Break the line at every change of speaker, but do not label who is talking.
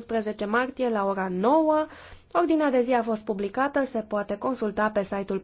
11 martie la ora 9. Ordinea de zi a fost publicată, se poate consulta pe site-ul